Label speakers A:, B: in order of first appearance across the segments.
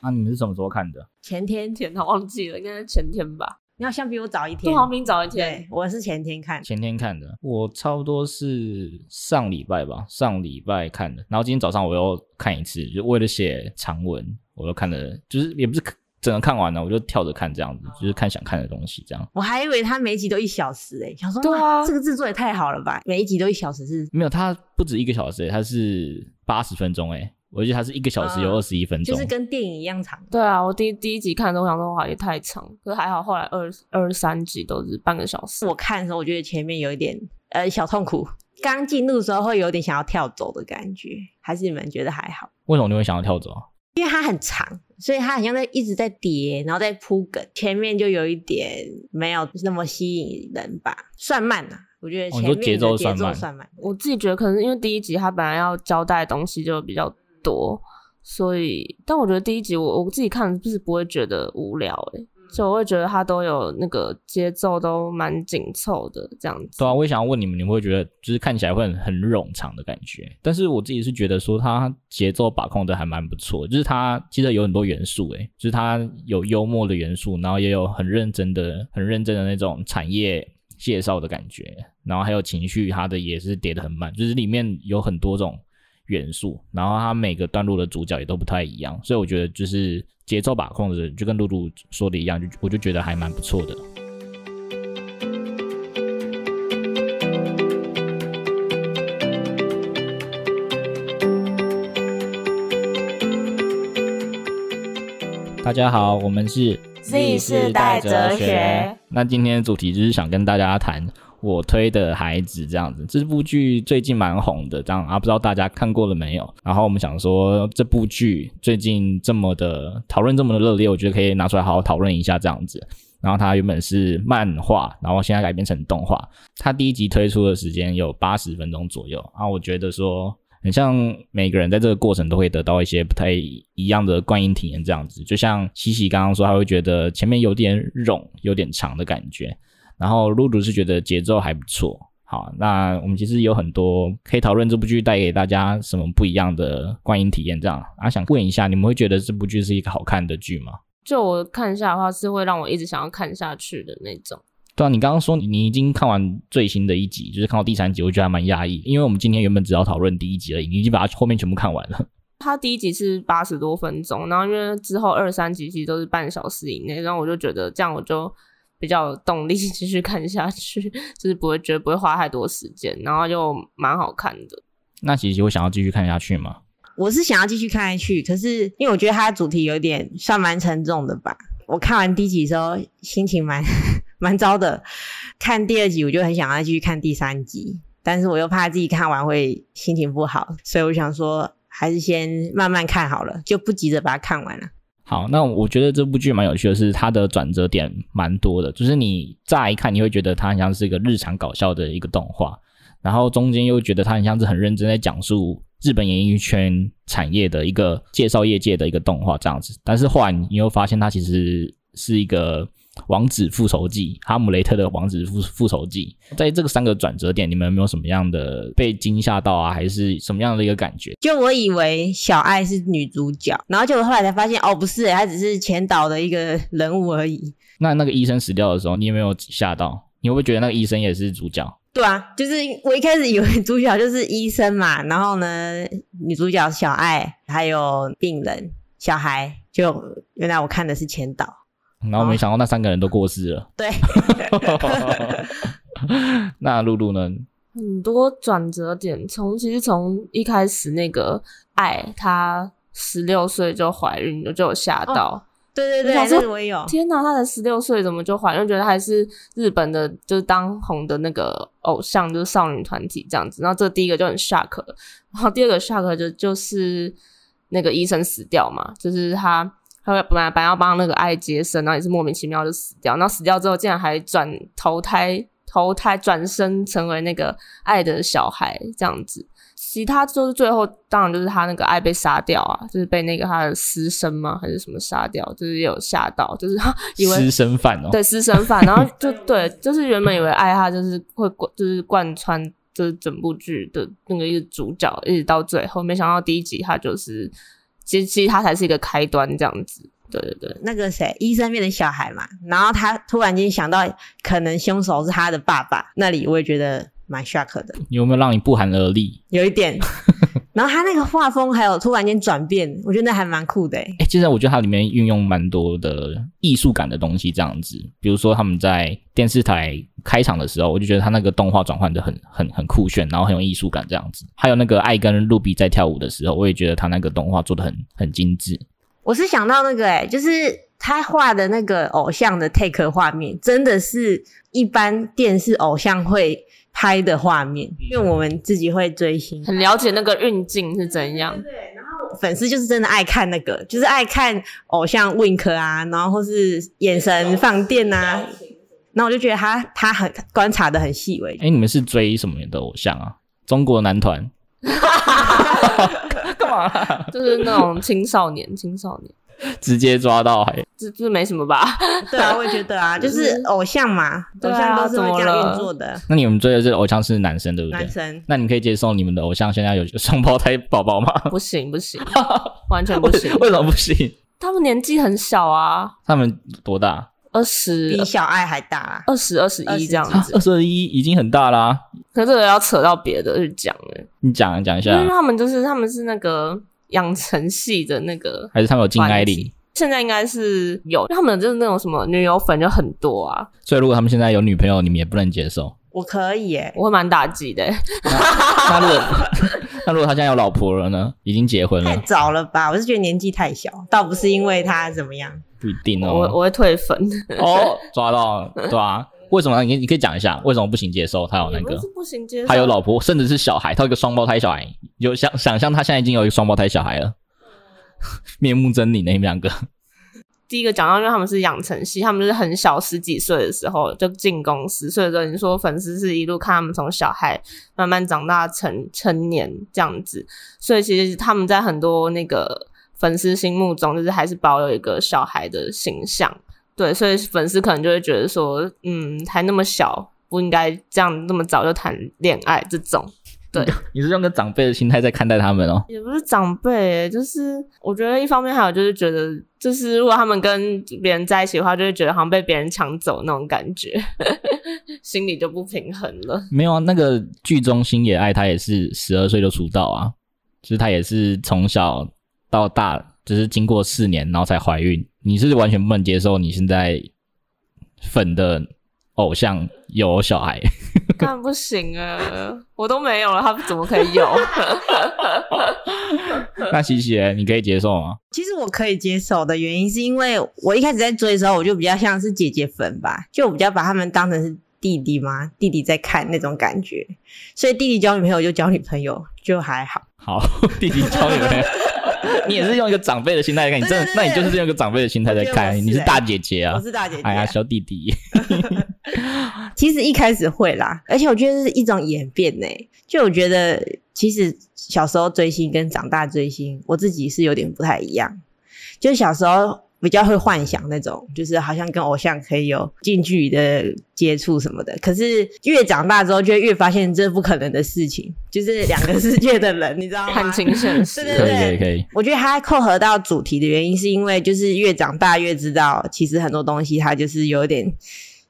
A: 那、啊、你們是什麼時候看的？
B: 前天前頭忘記了，應該是前天吧。 你好像比我早一天，杜豪斌早一天，我是前天看，
A: 前天看的。我差不多是上禮拜吧，上禮拜看的。然後今天早上我又看一次，就為了寫長文，我又看了，就是也不是整個看完了，啊，我就跳着看這樣子，哦，就是看想看的東西這樣。
B: 我還以為他每一集都一小時誒、欸，想說，啊啊、這個製作也太好了吧，每一集都一小時是？沒有，它不止
A: 一個小時誒、欸，它是八十分鐘誒、欸。我覺得它是一個小時有二十一分鐘。嗯，
C: 就是跟電影一樣長。對啊，我第一第一集看的時候，想說哇也太長，可是還好後來二二三集都是半個小時。我看的時候，我覺得前面有一點呃小痛苦，剛進入的時候會有點想
B: 要跳走的感覺，還是你們覺得還好？
A: 為什麼你會想要跳走？
B: 因為它很長，所以它好像在一直在疊，然後在鋪梗，前面就有一點沒有那麼吸
C: 引人吧，算慢的、啊。我覺得前面節奏節、哦、奏算慢。我自己覺得可能因為第一集它本來要交代的東西就比較多，所以，但我覺得第一集我我自己看就是不會覺得無聊欸、所以我會覺得它都有那個節奏都蠻緊湊的這樣
A: 子。對啊，我也想要問你們，你們會覺得就是看起來會很冗長的感覺？但是我自己是覺得說它節奏把控的還蠻不錯，就是它其實有很多元素誒、欸，就是它有幽默的元素，然後也有很認真的、很認真的那種產業介紹的感覺，然後還有情緒，它的也是跌得很慢，就是裡面有很多種，元素，然後它每個段落的主角也都不太一樣，所以我覺得就是節奏把控的，就跟露露說的一樣，就我就覺得還蠻不錯的。大家好，我們是 Z 世代哲學。那今天的主題就是想跟大家談。我推的孩子這樣子，這部劇最近蠻紅的，這樣啊，不知道大家看過了沒有？然後我們想說，這部劇最近這麼的討論這麼的熱烈，我覺得可以拿出來好好討論一下這樣子。然後它原本是漫畫，然後現在改編成動畫。它第一集推出的時間有八十分鐘左右啊，我覺得說很像每個人在這個過程都會得到一些不太一樣的觀影體驗這樣子。就像西西剛剛說，她會覺得前面有點冗、有點長的感覺。然後露露是覺得節奏還不錯，好，那我們其實有很多可以討論這部劇帶給大家什麼不一樣的觀影體驗，這樣啊，想問一下，你們會覺得這部劇是一個好看的劇嗎？
C: 就我看一下的話，是會讓我一直想要看下去的那種。
A: 對啊，你剛剛說你，你已經看完最新的一集，就是看到第三集，我覺得還蠻壓抑，因爲我們今天原本只要討論第一集而已，你已經把它後面全部看完了。
C: 它第一集是八十多分鐘，然後因爲之後二三集其實都是半小時以內，然後我就覺得這樣我就。比較有動力繼續看下去，就是不會覺得不會花太多時間，然後就蠻好看的。
A: 那其實我想要繼續看下去嗎？
C: 我是想要繼續看下去，可是因為我覺得它的主題有點
B: 算蠻沉重的吧。我看完第一集的時候心情蠻蠻糟的，看第二集我就很想要繼續看第三集，但是我又怕自己看完會心情不好，所以我想說還是先慢慢看好了，就不急着把它看完了啊。
A: 好，那我覺得這部劇蠻有趣的，是它的轉折點蠻多的。就是你乍一看，你會覺得它很像是一個日常搞笑的一個動畫，然後中間又覺得它很像是很認真在講述日本演藝圈產業的一個介紹業界的一個動畫這樣子。但是後來，你又發現它其實是一個。《王子復仇記》，哈姆雷特的《王子復復仇記》。在這個三個轉折點，你們有沒有什麼樣的被驚嚇到啊？還是什麼樣的一個感覺？
B: 就我以為小愛是女主角，然後結果後來才發現，哦，不是，她只是前導的一個人物而已。
A: 那那個醫生死掉的時候，你有沒有嚇到？你會不會覺得那個醫生也是主角？
B: 對啊，就是我一開始以為主角就是醫生嘛，然後呢，女主角小愛，還有病人小孩，就原來我看的是前導。
A: 然後沒想到那三個人都過世了。哦、對。
C: 那露露呢？很多轉折點，從其實從一開始那個愛，她十六歲就懷孕，就有嚇到。哦、對對對，我也有。天哪，她的十六歲怎麼就懷孕？覺得還是日本的就是當紅的那個偶像，就是少女團體這樣子。然後這第一個就很 shock，然後第二個 shock 就是、就是那個醫生死掉嘛，就是她。他會本來本來要幫那個愛接生，然後也是莫名其妙就死掉。然後死掉之後，竟然還轉投胎，投胎轉生成為那個愛的小孩這樣子。其他就是最後，當然就是他那個愛被殺掉啊，就是被那個他的私生嗎？還是什麼殺掉？就是也有嚇到，就是以為私生飯，哦對，對私生飯。然後就對，就是原本以為愛他就是會就是貫穿這整部劇的那個一個主角，一直到最後，沒想到第一集他就是。其實，其實它才是一個開端，這樣子。對對對，那個誰，醫生變成小
B: 孩嘛，然後他突然間想到，可能凶手是他的爸爸那裡，我也覺得蠻 shock 的。
A: 有沒有讓你不寒而慄？
B: 有一點。 然後他那個畫風還有突然間轉變，我覺得那還蠻酷的誒、 欸、
A: 其實我覺得它裡面運用蠻多的藝術感的東西，這樣子，比如說他們在電視台。開場的時候，我就覺得他那個動畫轉換得很很很酷炫，然後很有藝術感這樣子。還有那個愛跟露比在跳舞的時候，我也覺得他那個動畫做得很很精致。
B: 我是想到那個、欸，哎，就是他畫的那個偶像的 take 畫面，真的是一般電視偶像會拍的畫面，嗯，因為我們自己會追星，
C: 很了解那個運鏡是怎樣。對，對，對，
B: 然後粉絲就是真的愛看那個，就是愛看偶像 wink 啊，然後或是眼神放電啊。哦那我就覺得他他很觀察得很細微。
A: 誒、欸、你們是追什麼的偶像啊？中國男團？
C: 幹 嘛、啊？就是那種青少年，青少年
A: 直接抓到，這
C: 這沒什麼吧？對啊，我也覺得啊， 就是偶像嘛，啊、偶像都是這樣運作的。
A: 那你們追的這個偶像是男生對不對？男生？那你可以接受你們的偶像現在有一個雙胞胎寶寶嗎？不行不
C: 行，完全不行。 為什麼不行？他們年紀很小啊。
A: 他們多大？
C: 二十比小愛還大、啊，二十二十一這樣
A: 子，二十一已經很大啦、
C: 啊。可是這個要扯到別的去講
A: 哎、欸，你講講、啊、一下，因為他
C: 們就是他們是那個養成系的那個，
A: 還是他們有禁愛令？
C: 現在應該是有，他們就是那種什麼女友粉就很多啊。
A: 所以如果他們現在有女朋友，你們也不能接受。
C: 我可以耶、欸，我會蠻打擊的、欸 那。那、這個、
A: 那如果他現在有老婆了呢？已經結婚了，
B: 太早了吧？我是覺得年紀太小，倒不是因為他
C: 怎麼樣。
A: 不一定哦，我我會退粉哦，抓到了 對啊。為什麼，你你可以講一下為什麼不行接受他有那個不
C: 不行接受他有老
A: 婆甚至是小孩，他有一個雙胞胎小孩，有想想象他現在已經有一個雙胞胎小孩了， 面目猙獰的，你們兩個
C: 第一個講到，因為他們是養成系，他們就是很小十幾歲的時候就進公司，所以說你說粉絲是一路看他們從小孩慢慢長大成成年這樣子，所以其實他們在很多那個。粉絲心目中就是還是保有一個小孩的形象，對，所以粉絲可能就會覺得說，嗯，還那麼小，不應該這樣那麼早就談戀愛這種。對，
A: 你，你是用個長輩的心態在看待他們哦、喔，
C: 也不是長輩、欸，就是我覺得一方面還有就是覺得，就是如果他們跟別人在一起的話，就會覺得好像被別人搶走那種感覺， 心裡就不平衡了。
A: 沒有啊，那個劇中星野愛他也是十二歲就出道啊，就是他也是從小。到大只，就是經過四年，然後才懷孕。你是完全不能接受你現在粉的偶像有小孩？
C: 那不行啊，我都沒有了，他怎麼可以有？
A: 那熙熙，你可以接受嗎？
C: 其實我可以接受的原
B: 因是因為我一開始在追的時候，我就比較像是姐姐粉吧，就我比較把他們當成是弟弟嘛，弟弟在看那種感覺，所以弟弟交女朋友就交女朋友就還好。
A: 好，弟弟交女朋友。 你也是用一個長輩的心態在看， 對對對你真的，那你就是用一個長輩的心態在看，啊 欸。你是大姐姐啊，不是大姐姐，啊，哎呀，小弟弟。
B: 其實一開始會啦，而且我覺得是一種演變呢，欸。就我覺得，其實小時候追星跟長大追星，我自己是有點不太一樣。就小時候，哦。比較會幻想那種，就是好像跟偶像可以有近距離的接觸什麼的。可是越長大之後，就越發現這不可能的事情，就是兩個世界的人， 你知道嗎？看清楚， 對對對對，可以可以，我覺得它還扣合到主題的原因，是因為就是越長大越知道，其實很多東西它就是有點。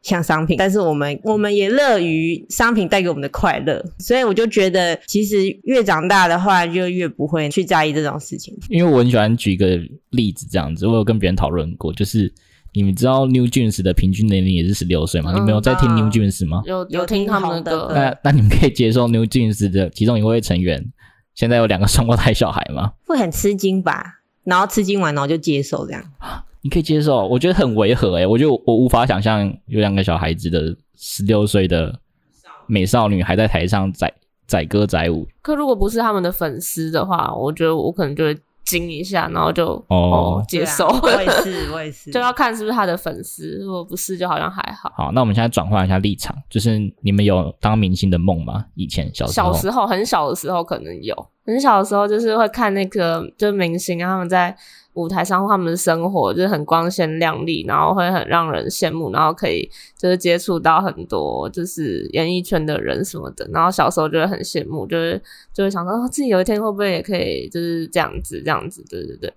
B: 像商品，但是我們我們也樂於商品帶給我們的快樂，所以我就覺得，其實越長大的話，就越不會去在意這種事情。因
A: 為我很喜歡舉一個例子，這樣子，我有跟別人討論過，就是你們知道 New Jeans 的平均年齡也是十六歲嗎？你們有在聽 New Jeans 嗎？嗯啊、
C: 有有聽他們的。那
A: 那你們可以接受 New Jeans 的其中一位成員現在有兩個雙胞胎小孩嗎？
B: 會很吃驚吧？然後吃驚完，然後就接受這樣。
A: 你可以接受，我覺得很違和，欸，我就我無法想象有兩個小孩子的十六歲的美少女還在台上載載歌載舞。
C: 可如果不是他們的粉絲的話，我覺得我可能就會驚一下，然後就哦，哦，接受。對啊，我也是，我也是。 就要看是不是他的粉絲，如果不是，就好像還好。
A: 好，那我們現在轉換一下立場，就是你們有當明星的夢嗎？以前小時候小時候
C: 很小的時候可能有，很小的時候就是會看那個就是明星然後他們在。舞台上他們的生活就是很光鮮亮麗，然後會很讓人羨慕，然後可以就是接觸到很多就是演藝圈的人什麼的，然後小時候就會很羨慕，就是就會想說，哦，自己有一天會不會也可以就是這樣子這樣子，對對對。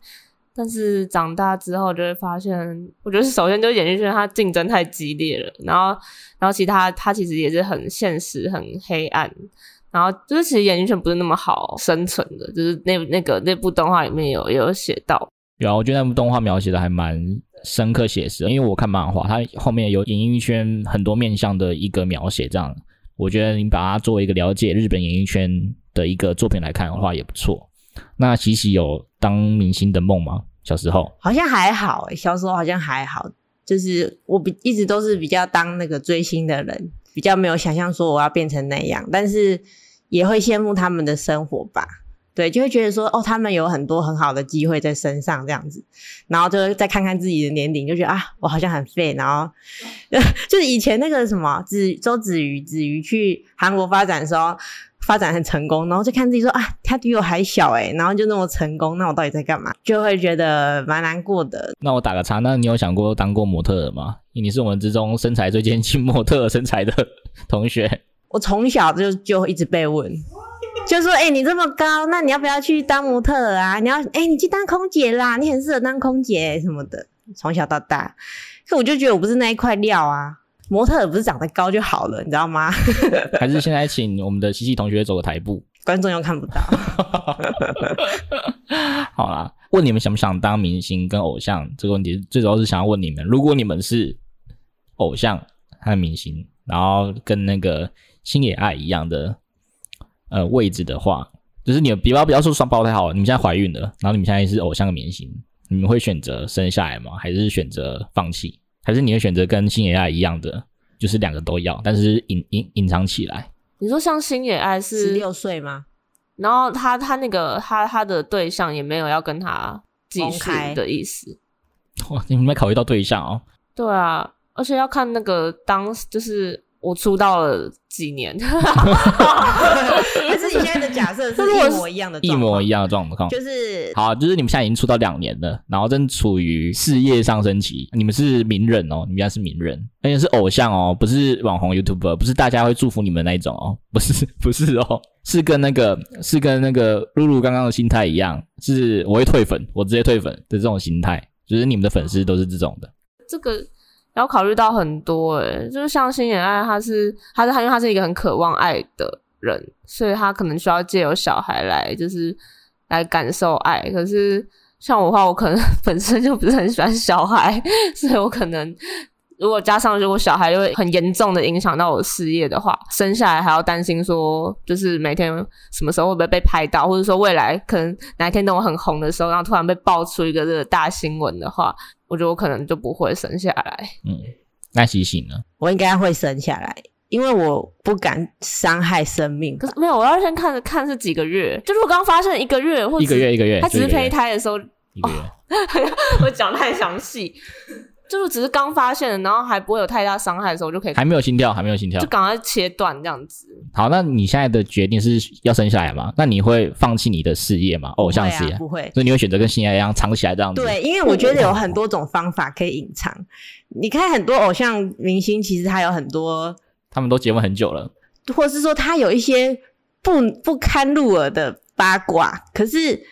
C: 但是長大之後就會發現，我覺得首先就是演藝圈它競爭太激烈了，然後然後其他它其實也是很現實、很黑暗，然後就是其實演藝圈不是那麼好生存的，就是那那個那部動畫裡面有有有寫到。
A: 然後啊，我覺得那部動畫描寫的還蠻深刻寫實，因為我看漫畫，它後面有演藝圈很多面向的一個描寫，這樣我覺得你把它作為一個了解日本演藝圈的一個作品來看的話也不錯。那其實有當明星的夢嗎？小時候
B: 好像還好，欸，小時候好像還好，就是我一直都是比較當那個追星的人，比較沒有想象說我要變成那樣，但是也會羨慕他們的生活吧。對，就會覺得說，哦，他們有很多很好的機會在身上這樣子，然後就再看看自己的年齡，就覺得，啊，我好像很廢。然後就是以前那個什麼子周子瑜子瑜去韓國發展的時候，發展很成功，然後就看自己說，啊，他比我還小哎、欸，然後就那麼成功，那我到底在幹嘛？就會覺得蠻難過的。那
A: 我打個岔，那你有想過當過模特嗎？你是我們之中身材最接近模特身材的同學。
B: 我從小就就一直被問。就是、說：“哎、欸，你這麼高，那你要不要去當模特兒啊？你要，哎、欸，你去當空姐啦，你很適合當空姐、欸、什麼的。從小到大，可我就覺得我不是那一塊料啊。模特也不是長得高就好了，你知道嗎？
A: 還是現在請我們的西西同學走個台步，觀眾又看不到。 好啦，問你們想不想當明星跟偶像這個問題，最主要是想要問你們：如果你們是偶像和明星，然後跟那個星野愛一樣的。”呃，位置的話，就是你比方比方說雙胞胎好了，你們現在懷孕了，然後你們現在是偶像的明星，你們會選擇生下來嗎？還是選擇放棄？還是你會選擇跟星野愛一樣的，就是兩個都要，但是隱隱隱藏起來？
C: 你說像星野愛是十六歲嗎？然後他他那個他他的對象也沒有要跟他分開的意思。
A: Okay. 哇，你們沒考慮到對象哦。
C: 對啊，而且要看那個當就是。我出道了幾年？哈哈哈。就是你現在的假
A: 設是一模一樣的狀況，就是好，啊，就是你們現在已經出道兩年了，然後正處於事業上升期。你們是名人哦，你們現在是名人，而且是偶像哦，不是網紅、YouTuber，不是大家會祝福你們那一種哦，不是，不是哦，是跟那個是跟那個露露剛剛的心態一樣，是我會退粉，我直接退粉的這種心態，就是你們的粉絲都是這種的，
C: 這個。要考慮到很多欸，誒，就是像星野愛，他是，他是他，因為他是一個很渴望愛的人，所以他可能需要借由小孩來，就是來感受愛。可是像我的話，我可能本身就不是很喜歡小孩，所以我可能。如果加上如果小孩又很嚴重的影響到我事業的話，生下來還要擔心說，就是每天什麼時候會不會被拍到，或者說未來可能哪一天等我很紅的時候，然後突然被爆出一個這個大新聞的話，我覺得我可能就不會生下來。
A: 嗯，那洗洗呢？
C: 我應該會生下來，
B: 因為我不敢傷害生命。可是沒有，我要先看看是幾個月，就是
C: 剛發生一個月，或者一個月一個月，他只是胚胎的時候一個月，哦、一個月 我講太詳細。 就是只是剛發現了，然後還不會有太大傷害的時候，我就可以，還
A: 沒有心跳，還沒有心跳，就
C: 趕快切斷這樣子。
A: 好，那你現在的決定是要生下來嗎？那你會放棄你的事業嗎？偶像事業？啊，不會，所以你會選擇跟心愛一樣藏起來這樣子。
C: 對，因為我覺得有很多
B: 種方法可以隱藏。你看很多偶像明星，其實他有很多，他
A: 們都結婚很久了，
B: 或者是說他有一些不不堪入耳的八卦，可是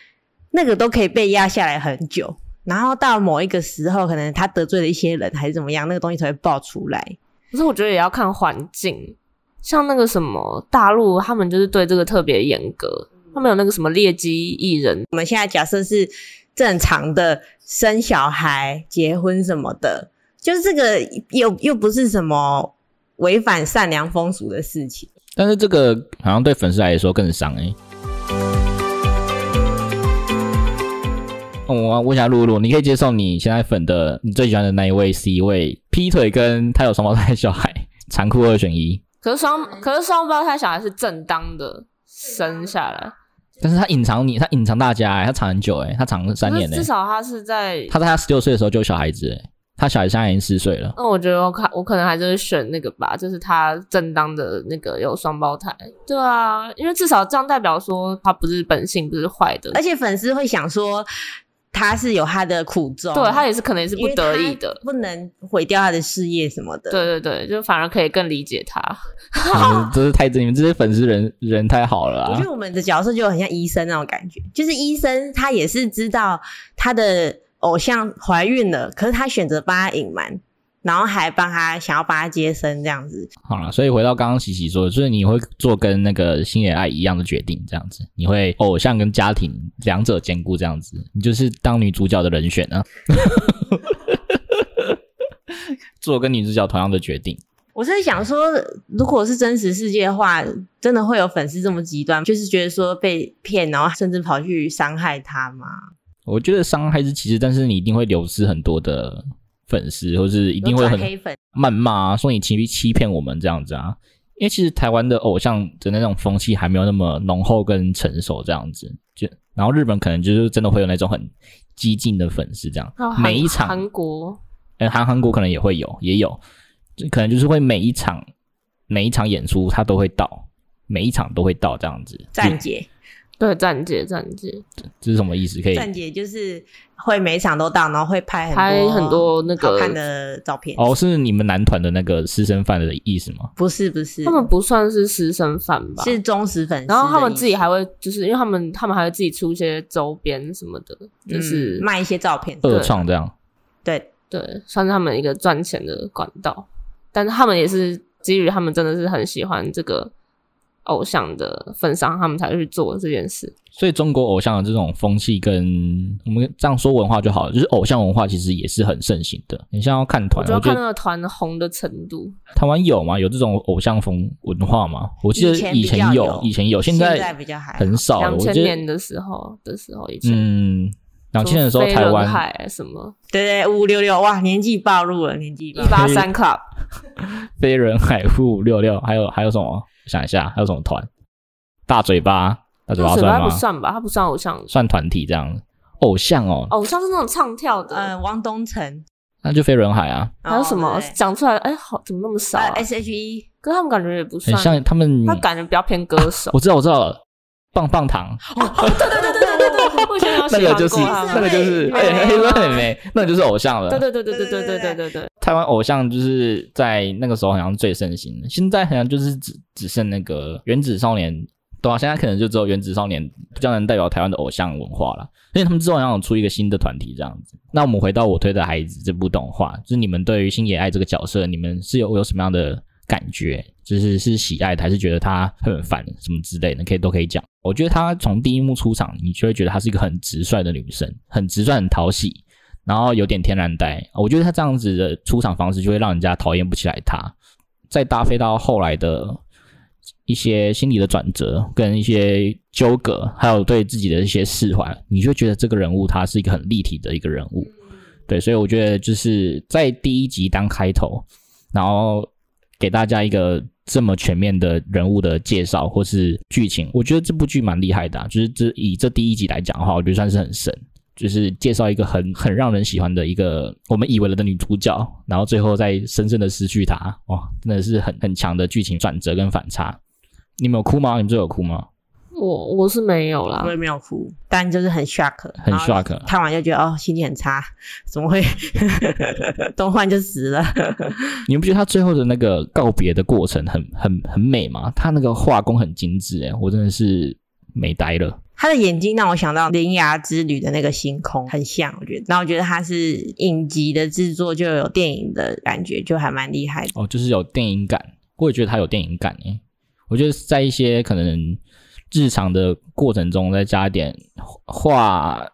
B: 那個都可以被壓下來很久。然後到某一個時
C: 候，可能他得罪了一些人還是怎麼樣，那個東西才會爆出來。可是我覺得也要看環境，像那個什麼大陸，他們就是對這個特別嚴格，他們有那個
B: 什麼劣跡藝人。我們現在假設是正常的生小孩、結婚什麼的，就是這個又又不是什麼違反善良風俗的事情。
A: 但是這個好像對粉絲來說更傷哎、欸。我問下露露，你可以接受你現在粉的你最喜歡的那一位 C 位劈腿，跟他有雙胞胎小孩，殘酷二選一？
C: 可是雙可是雙胞胎小孩是正當的生下來，
A: 但是他隱藏你，他隱藏大家，他藏很久哎，他藏了三年哎。至少
C: 他是在他
A: 在他十六歲的時候就有小孩子哎，他小孩現在已經四歲了。
C: 那、嗯、我覺得我看我可能還是會選那個吧，就是他正當的那個有雙胞胎。對啊，因為至少這樣代表說他不是本性不是壞的，而
B: 且粉絲會想說。 他是有他的苦
C: 衷，對，他也是可能也是不得已的，
B: 不能毀掉他的事業什麼的。對對對，就反而可以更理解他。 反
A: 而這是太真，你們這些粉絲人人太好了、啊。我覺得我
B: 們的角色就很像醫生那種感覺，就是醫生他也是知道他的偶像懷孕了，可是他選擇幫他隱瞞。然後還幫他想要幫他接生這樣子，
A: 好啦，所以回到剛剛習習說的，所以你會做跟那個星野愛一樣的決定，這樣子，你會偶、哦、像跟家庭兩者兼顧這樣子，你就是當女主角的人選啊， 做跟女主角同樣的決定。
B: 我是在想說，如果是真實世界的話，真的會有粉絲這麼極端，就是覺得說被騙，然後甚至跑去傷害他嗎？
A: 我覺得傷害是其實，但是你一定會流失很多的，粉絲，或是一定會很謾罵、啊，說你情緒欺騙我們這樣子啊。因為其實台灣的偶像的那種風氣還沒有那麼濃厚跟成熟，這樣子。就然後日本可能就是真的會有那種很激進的粉絲這樣。每一場韓國，韓韓國可能也會有，也有，可能就是會每一場每一場演出他都會到，每一場都會到這樣子。站姐。
C: 對，站
B: 姐站姐，這
A: 是什麼意思？可以，站
B: 姐就是會每場都到，然後會拍很多拍很多那個好看的
C: 照片。哦，是
A: 你們男團的那個私生飯的意思嗎？
C: 不是不是，他們不算是私生飯吧，是忠實粉絲。然後他們自己還會，就是因為他們他們還會自己出一些周邊什麼的，就是、嗯、賣一些照片，二創這樣。對對，對，算是他們一個賺錢的管道。但是他們也是基於他們真的是很喜歡這個。偶像的份上，他們才去做這件事。
A: 所以中國偶像的這種風氣，跟我們這樣說文化就好了，就是偶像文化其實也是很盛行的。你像要看團，我覺得看
C: 那個團紅的程度。
A: 台灣有嗎？有這種偶像風文化嗎？我記得以前有，以前有，以前有，現在很少了。很少。我記得千年
C: 的時候的時候，已
A: 經。兩千年的時候，飛輪海台
C: 灣什麼？對對,對，五五六六，哇，年紀暴露了，年紀一八三 club。
A: 飛輪海，五五六六，還有還有什麼？想一下，還有什麼團？大嘴巴，大嘴巴,算嘴巴不算
C: 吧？他不算偶像，
A: 算團體這樣。嗯、偶像哦、喔，
C: 偶像是那種唱跳的，嗯，汪東城。
A: 那就飛輪海啊、
C: 哦。還有什麼講出來？哎、欸，好，怎麼那麼少？S H E，跟他們感覺也不算、欸。像他們，他感覺比較偏歌手。啊、我知
A: 道，我知道了。棒棒糖、
C: 哦 哦，對對對對對對， 那個就是，是那個就
A: 是，是，哎，黑 Girl 那個就是偶像了。對對，對
C: 對對對對對對對對
A: 對。台灣偶像就是在那個時候好像最盛行，現在好像就是只只剩那個原子少年，對吧？現在可能就只有原子少年比較能代表台灣的偶像文化了，因為他們之後好像有出一個新的團體這樣子。那我們回到我推的孩子這部動畫，就是你們對於星野愛這個角色，你們是有有什麼樣的？感覺就是是喜愛還是覺得她很煩什麼之類的，可以都可以講。我覺得她從第一幕出場，你就會覺得她是一個很直率的女生，很直率，很討喜，然後有點天然呆。我覺得她這樣子的出場方式就會讓人家討厭不起來他。她再搭配到後來的一些心理的轉折跟一些糾葛，還有對自己的一些釋懷，你就會覺得這個人物她是一個很立體的一個人物。對，所以我覺得就是在第一集當開頭，然後。給大家一個這麼全面的人物的介紹，或是劇情，我覺得這部劇蠻厲害的啊。就是這以這第一集來講的話，我覺得算是很神，就是介紹一個很很讓人喜歡的一個我們以為了的女主角，然後最後再深深的失去她，哇，哦，真的是很很強的劇情轉折跟反差。你們有哭嗎？你們都有哭嗎？
C: 我我是沒有啦，我
B: 也沒有哭，但就是很 shock，很 shock，看完就覺得哦，心情很差，怎麼會東幻 就死了？
A: 你們不覺得他最後的那個告別的過程很很很美嗎？他那個畫工很精緻哎，我真的是美呆了。
B: 他的眼睛讓我想到《鈴芽之旅》的那個星空，很像我覺得。然後我覺得他是影集的製作就有電影的感覺，就還蠻厲害的
A: 哦，就是有電影感。我也覺得他有電影感哎，我覺得在一些可能。日常的過程中，再加一點畫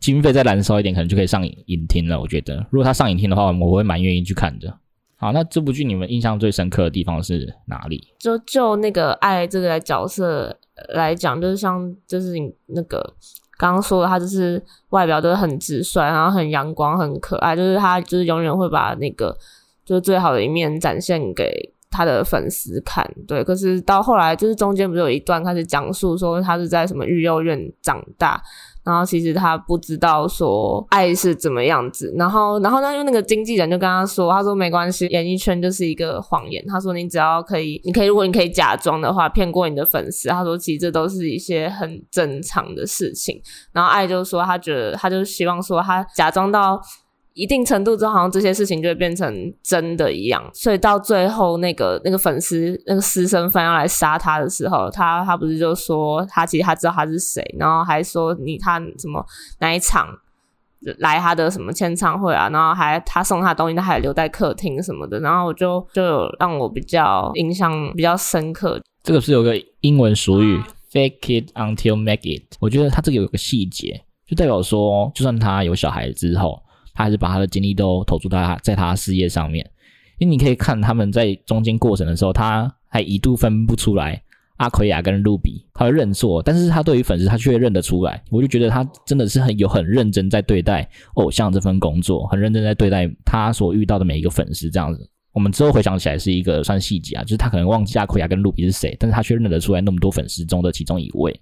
A: 經費，再燃燒一點，可能就可以上影廳了，我覺得。如果他上影廳的話，我會蠻願意去看的。好，那這部劇你們印象最深刻的地方是哪
C: 裡？就就那個愛這個角色來講，就是像就是那個剛剛說的，他就是外表都很直率，然後很陽光，很可愛，就是他就是永遠會把那個就是最好的一面展現給。他的粉絲看對。可是到後來就是中間不是有一段開始講述說他是在什麼育幼院長大，然後其實他不知道說愛是怎麼樣子，然後然後呢，用那個經紀人就跟他說，他說沒關係，演藝圈就是一個謊言，他說你只要可以，你可以，如果你可以假裝的話，騙過你的粉絲，他說其實這都是一些很正常的事情，然後愛就說他覺得他就希望說他假裝到。一定程度之後，好像這些事情就會變成真的一樣。所以到最後，那個那個粉絲那個私生飯要來殺他的時候，他他不是就說他其實他知道他是誰，然後還說你他什麼哪一場來他的什麼簽唱會啊，然後還他送他的東西他還留在客廳什麼的。然後我就就有讓我比較印象比較深刻。
A: 這個是有個英文俗語，Uh-huh. “fake it until you make it”。我覺得他這個有個細節，就代表說，就算他有小孩之後。他還是把他的精力都投注到他在他事業上面，因為你可以看他們在中間過程的時候，他還一度分不出來阿奎亞跟露比，他的認錯，但是他對於粉絲他卻認得出來，我就覺得他真的是很有很認真在對待偶像這份工作，很認真在對待他所遇到的每一個粉絲這樣子。我們之後回想起來是一個算細節啊，就是他可能忘記阿奎亞跟露比是誰，但是他卻認得出來那麼多粉絲中的其中一位，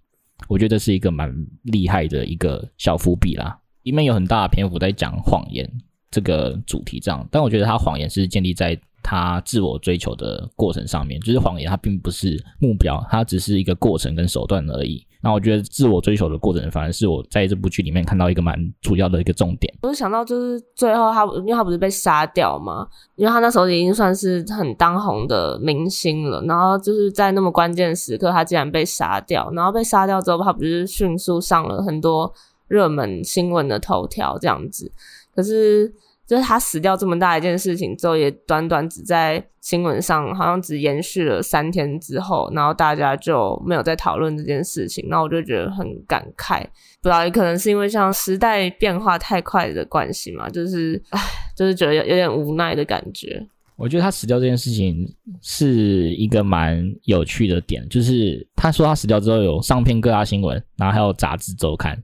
A: 我覺得是一個蠻厲害的一個小伏筆啦。裡面有很大的篇幅在講謊言這個主題，這樣，但我覺得他謊言是建立在他自我追求的過程上面，就是謊言它並不是目標，它只是一個過程跟手段而已。那我覺得自我追求的過程，反而是我在這部劇裡面看到一個蠻主要的一個重點。
C: 我就想到就是最後他，因為他不是被殺掉嗎？因為他那時候已經算是很當紅的明星了，然後就是在那麼關鍵時刻，他竟然被殺掉，然後被殺掉之後，他不就是迅速上了很多。熱門新聞的頭條這樣子，可是就是他死掉這麼大一件事情之後，也短短只在新聞上好像只延續了三天之後，然後大家就沒有再討論這件事情，然後我就覺得很感慨。不知道，也可能是因為像時代變化太快的關係嘛，就是唉，就是覺得有有點無奈的感覺。
A: 我覺得他死掉這件事情是一個蠻有趣的點，就是他說他死掉之後有上篇各大新聞，然後還有雜誌周刊。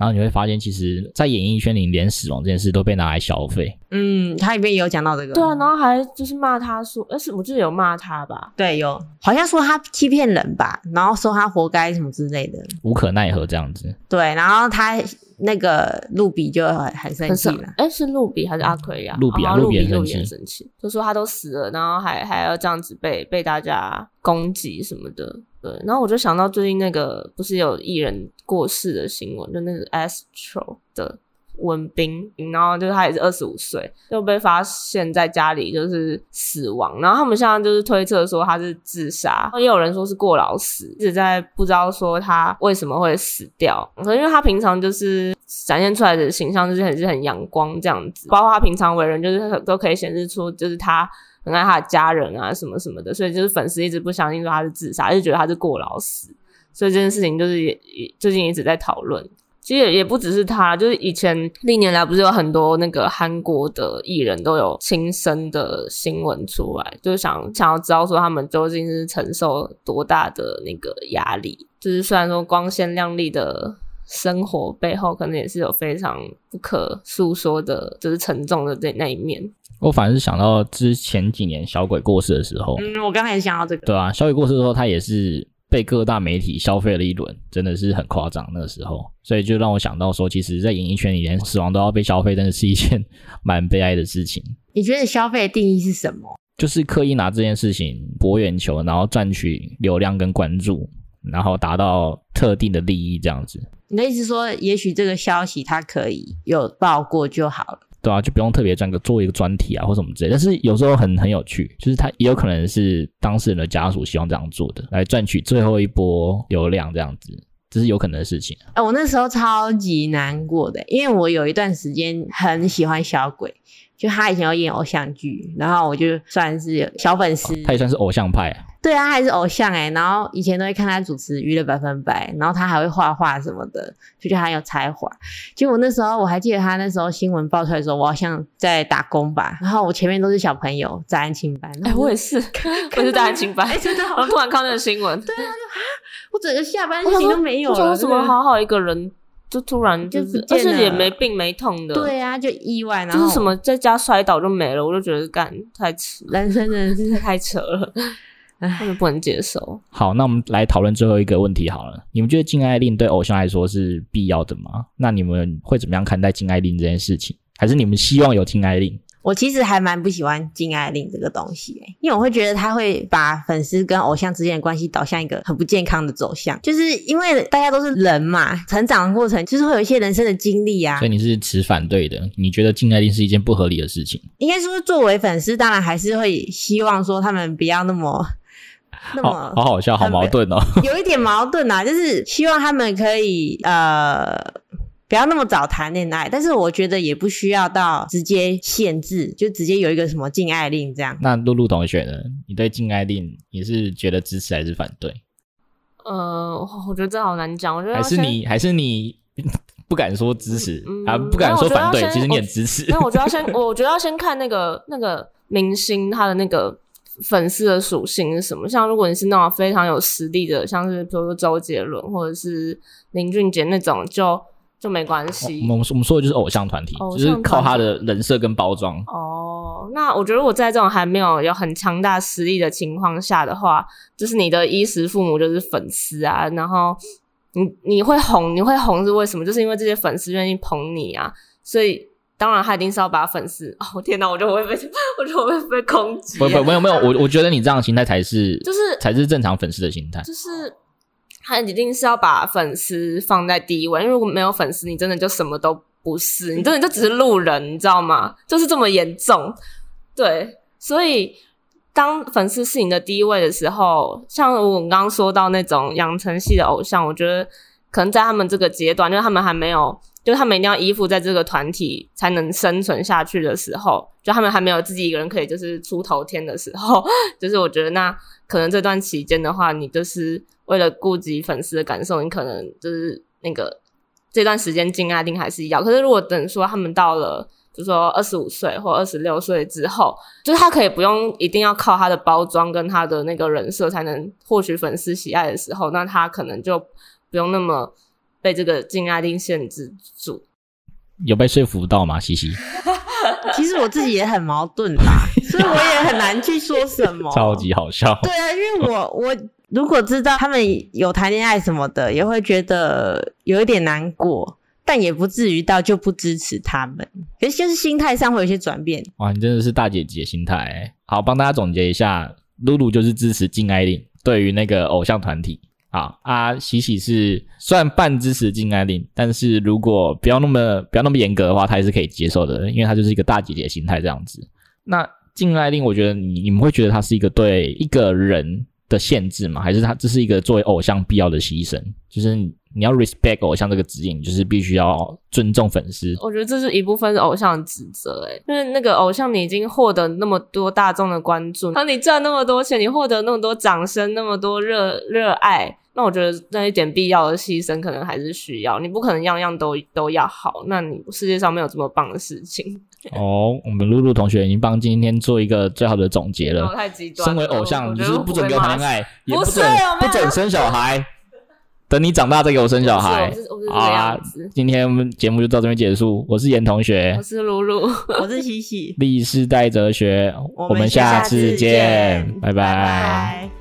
A: 然後你會發現，其實，在演藝圈裡，連死亡這件事都被拿來消費。
B: 嗯，它裡面也有講到這
C: 個。對啊，然後還就是罵他，說，是、欸、我就是有罵他吧？對，
B: 有，嗯、好像說他欺騙人吧，然後說他活該什麼之類的，
A: 無可奈何這樣
C: 子。對，然後他那個露比就還是很生氣，哎、欸，是露比還是阿奎呀、啊哦？露比，啊露比很生，露比，露比很生氣，就說他都死了，然後還還要這樣子被被大家攻擊什麼的。對，然後我就想到最近那個不是有藝人過世的新聞，就那個 ASTRO 的文彬，然後就是他也是二十五歲，就被發現在家裡就是死亡，然後他們現在就是推測說他是自殺，也有人說是過勞死，一直在不知道說他為什麼會死掉。可能因為他平常就是展現出來的形象就是很，就是很陽光這樣子，包括他平常為人就是都可以顯示出就是他。很愛他的家人啊，什麼什麼的，所以就是粉絲一直不相信說他是自殺，就覺得他是過勞死，所以這件事情就是也也最近一直在討論。其實也，也不只是他，就是以前歷年來不是有很多那個韓國的藝人都有輕生的新聞出來，就想想要知道說他們究竟是承受多大的那個壓力，就是雖然說光鮮亮麗的生活背後可能也是有非常不可訴說的，就是沉重的那一面。
A: 我反正是想到之前幾年小鬼過世的時候，
C: 嗯，我剛才也想到這個，
A: 對啊，小鬼過世的時候，他也是被各大媒體消費了一輪，真的是很誇張那個時候，所以就讓我想到說，其實，在演藝圈裡面，死亡都要被消費，真的是一件蠻悲哀的事情。
B: 你覺得消費的定義是什麼？
A: 就是刻意拿這件事情博眼球，然後賺取流量跟關注。然後達到特定的利益，這樣子。
B: 你的意思是說，也許這個消息它可以有報過就好了，
A: 對啊，就不用特別專個做一個專題啊，或什麼之類的。但是有時候很很有趣，就是它也有可能是當事人的家屬希望這樣做的，來賺取最後一波流量，這樣子。這是有可能的事情，啊
B: 哦。我那時候超級難過的，因為我有一段時間很喜歡小鬼，就他以前有演偶像劇，然後我就算是小粉絲。哦、他
A: 也算是偶像派、啊。
B: 對啊，他還是偶像哎、欸。然後以前都會看他主持《娛樂百分百》，然後他還會畫畫什麼的，就覺得他很有才華。結果那時候我還記得他那時候新聞爆出來的時候，我好像在打工吧。然後我前面都是小朋友在安親班。哎，
C: 我也是，我是在安親班。哎，真的我不敢看那個新聞。對啊，啊。我整個下半生都沒有了，說就說什麼好好一個人，這個，就突然就是，就是也沒病沒痛的，對啊，
B: 就意外，就是什麼
C: 在家摔倒就沒了，我就覺得幹太扯，男生真的是太扯了， 他們不能接受。
A: 好，那我們來討論最後一個問題好了，你們覺得禁愛令對偶像來說是必要的嗎？那你們會怎麼樣看待禁愛令這件事情？還是你們希望有禁
B: 愛令？我其實還蠻不喜歡禁愛令這個東西，欸，因為我會覺得他會把粉絲跟偶像之間的關係導向一個很不健康的走向，就是因為大家都是人嘛，成長的過程其實會有一些人生的經歷啊。所
A: 以你是持反對的？你覺得禁愛令是一件不合理的事情？
B: 應該說，作為粉絲，當然還是會希望說他們不要那麼那麼好，
A: 好好笑，好矛盾哦。
B: 有一點矛盾啊，就是希望他們可以呃。不要那麼早談戀愛，但是我覺得也不需要到直接限制，就直接有一個什麼禁愛令這樣。
A: 那露露同學呢？你對禁愛令你是覺得支持還是反對？
C: 呃，我覺得這好難講。我覺得還是你
A: 還是你不敢說支持，嗯嗯、啊，不敢說反對，其實你也支持。那我
C: 覺得要先，我， 我覺得要先看那個那個明星他的那個粉絲的屬性是什麼？像如果你是那種非常有實力的，像是比如說周杰倫或者是林俊傑那種，就就沒關係、
A: 哦。我們說的就是偶像團體、偶像團體，就是靠他的人設跟包裝。哦，
C: 那我覺得我在這種還沒有有很強大實力的情況下的話，就是你的衣食父母就是粉絲啊。然後你你會紅，你會紅是為什麼？就是因為這些粉絲願意捧你啊。所以當然他一定是要把粉絲哦，天哪、啊，我就會被，我就會被攻擊、啊。不不沒有沒有，沒
A: 有 我我覺得你這樣的心態才是，就是才是正常粉絲的心態，
C: 就是。他一定是要把粉絲放在第一位，因為如果沒有粉絲，你真的就什麼都不是，你真的你就只是路人，你知道嗎？就是這麼嚴重。對，所以當粉絲是你的第一位的時候，像我們剛剛說到那種養成系的偶像，我覺得可能在他們這個階段，因為他們還沒有。就他們一定要依附在這個團體才能生存下去的時候，就他們還沒有自己一個人可以就是出頭天的時候，就是我覺得那可能這段期間的話，你就是為了顧及粉絲的感受，你可能就是那個這段時間禁愛令還是一樣。可是如果等說他們到了，就是說二十五歲或二十六歲之後，就是他可以不用一定要靠他的包裝跟他的那個人設才能獲取粉絲喜愛的時候，那他可能就不用那麼。被這個禁愛令限制住，
A: 有被說服到嗎？嘻嘻，
C: 其實我自己也很矛盾啦， 所以我也
B: 很難去說什麼。
A: 超級好笑，
C: 對啊，因
B: 為我我如果知道他們有談戀愛什麼的， 也會覺得有一點難過，但也不至於到就不支持他們，可是就是心態上會有些轉變。
A: 哇，你真的是大姐姐心態。好，幫大家總結一下，露露就是支持禁愛令，對於那個偶像團體。好啊，阿喜喜是算半支持禁愛令，但是如果不要那麼不要那麼嚴格的話，他也是可以接受的，因為他就是一個大姐姐心態這樣子。那禁愛令，我覺得你你們會覺得他是一個對一個人。的限制嘛，還是他這是一個作為偶像必要的犧牲，就是你要 respect 偶像這個指引，你就是必須要尊重粉絲。
C: 我覺得這是一部分是偶像的職責、欸，誒，就是那個偶像你已經獲得那麼多大眾的關注，然、啊、你賺那麼多錢，你獲得那麼多掌聲，那麼多熱熱愛，那我覺得那一點必要的犧牲可能還是需要，你不可能樣樣都都要好，那你世界上沒有這麼棒的事情。
A: 哦，我們露露同學已經幫今天做一個最好的總結了。太極
C: 端了，身為偶像，你就是不准給我談戀愛，也不准不准
A: 生小孩， 等你長大再給我生小孩。我是我是這樣子。好啦、啊，今天我們節目就到這邊結束。我是顏同學，我
C: 是露露，我是喜喜。
A: 歷史代哲學，我們下次見，次見，拜拜。拜拜。